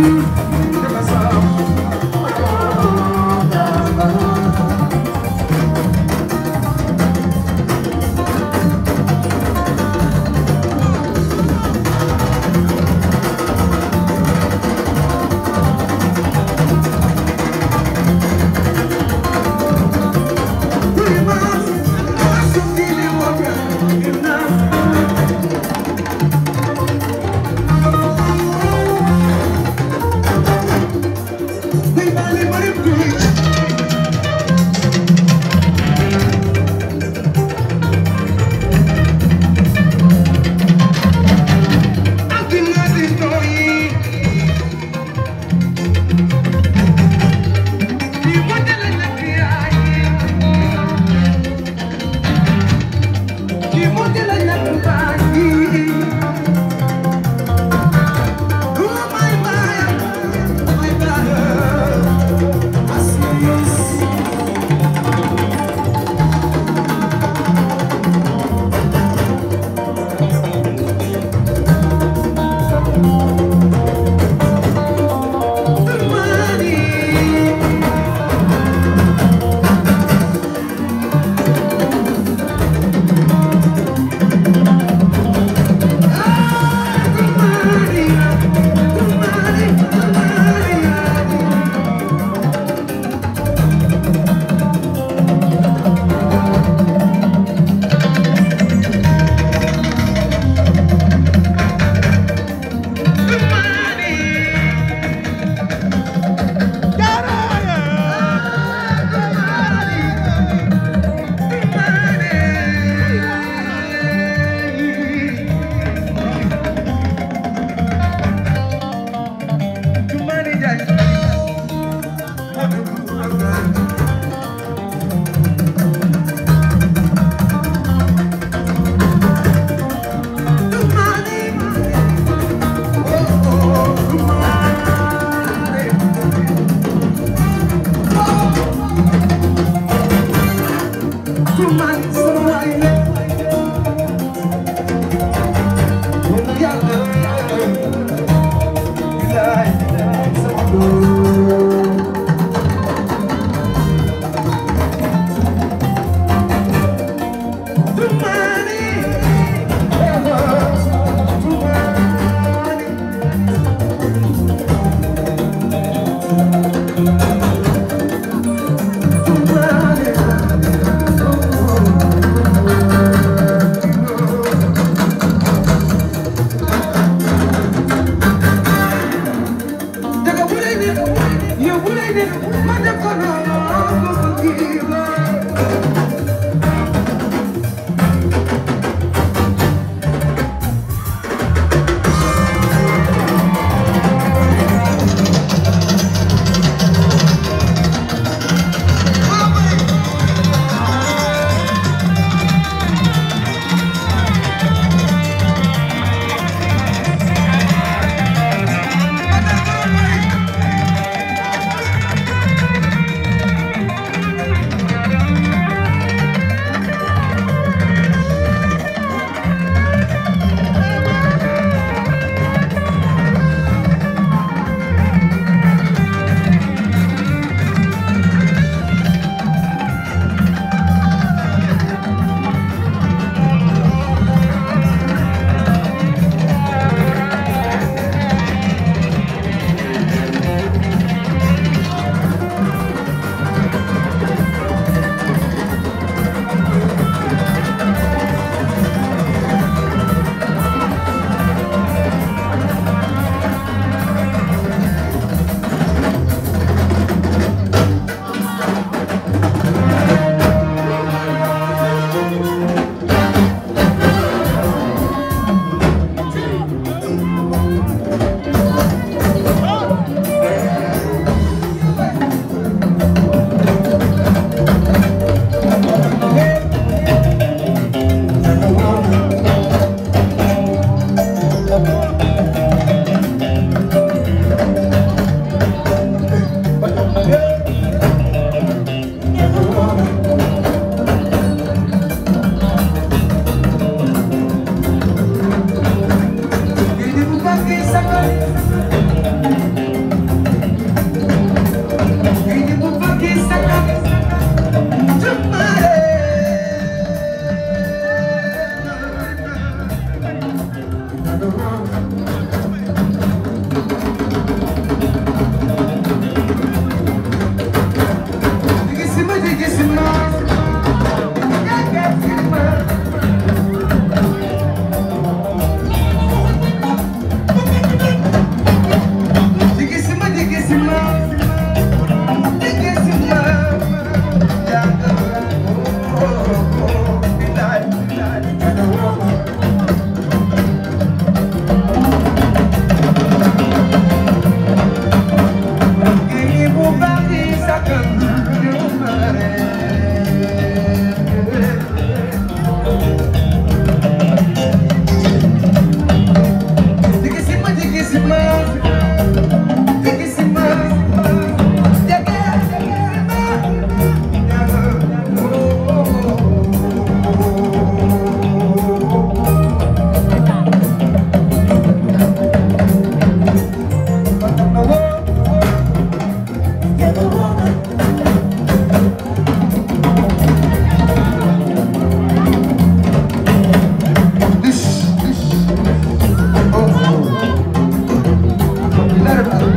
Thank you.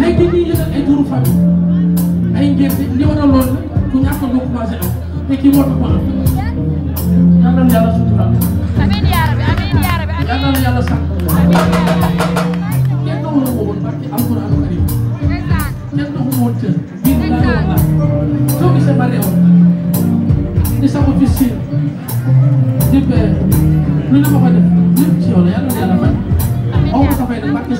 léegi nii yëgal ay turu famille ay ngénte li waral loolu la ku ñàkk nga commencé am te kii moo tax ma am yal na yàlla suturaal. amiin yaa rabbi amiin yaa rabbi amiin yal na yàlla sax. kenn doxul ko woon barke alquran karim kenn doxul woon kër biir laa la wax soo gisee bare woon di sama fils si di père lu ne ma ko def lépp ci yow la yal na yàlla fay aw ma ko fay nag barke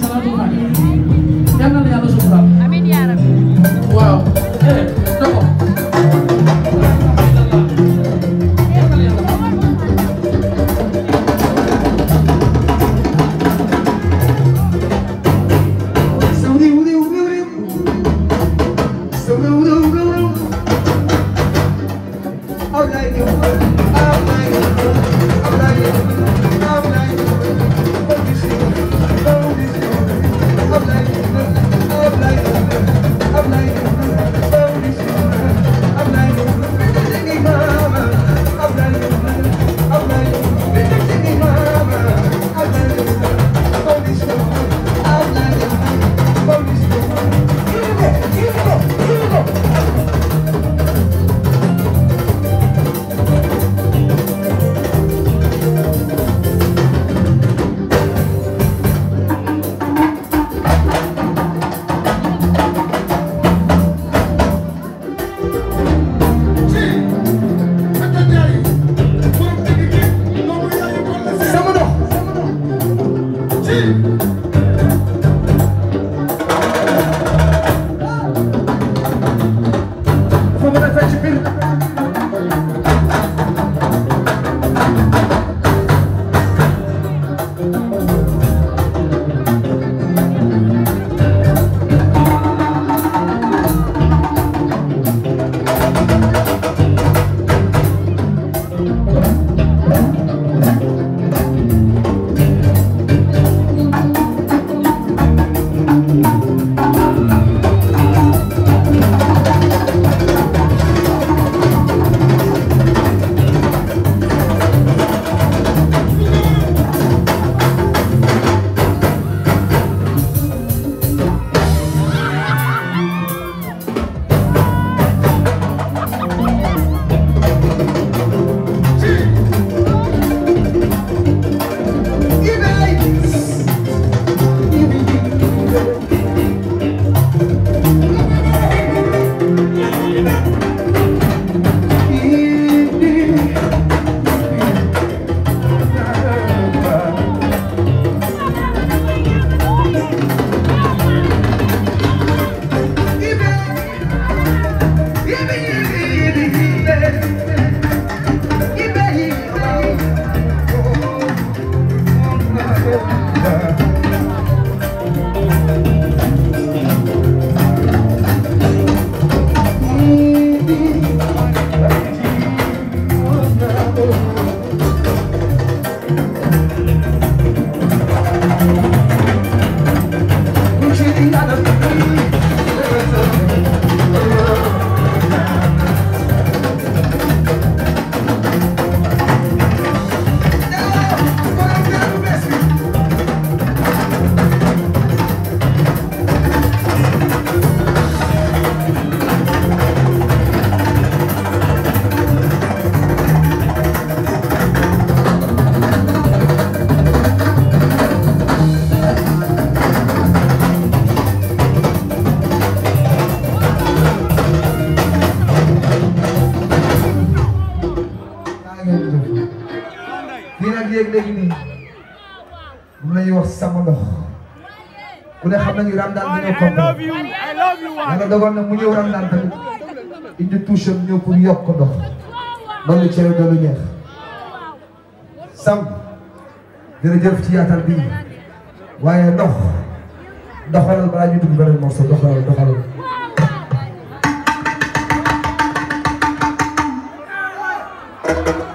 xam nañu Ramadan bi ñëw Koungheul yàlla dogal na mu ñëw Ramadan tamit indi touche am ñëw pour yokk ndox loolu cere doolu neex sam jërëjëf ci yaatal bi waaye ndox doxalal balaa ñu dugg beneen morceau doxalal doxalal Thank you.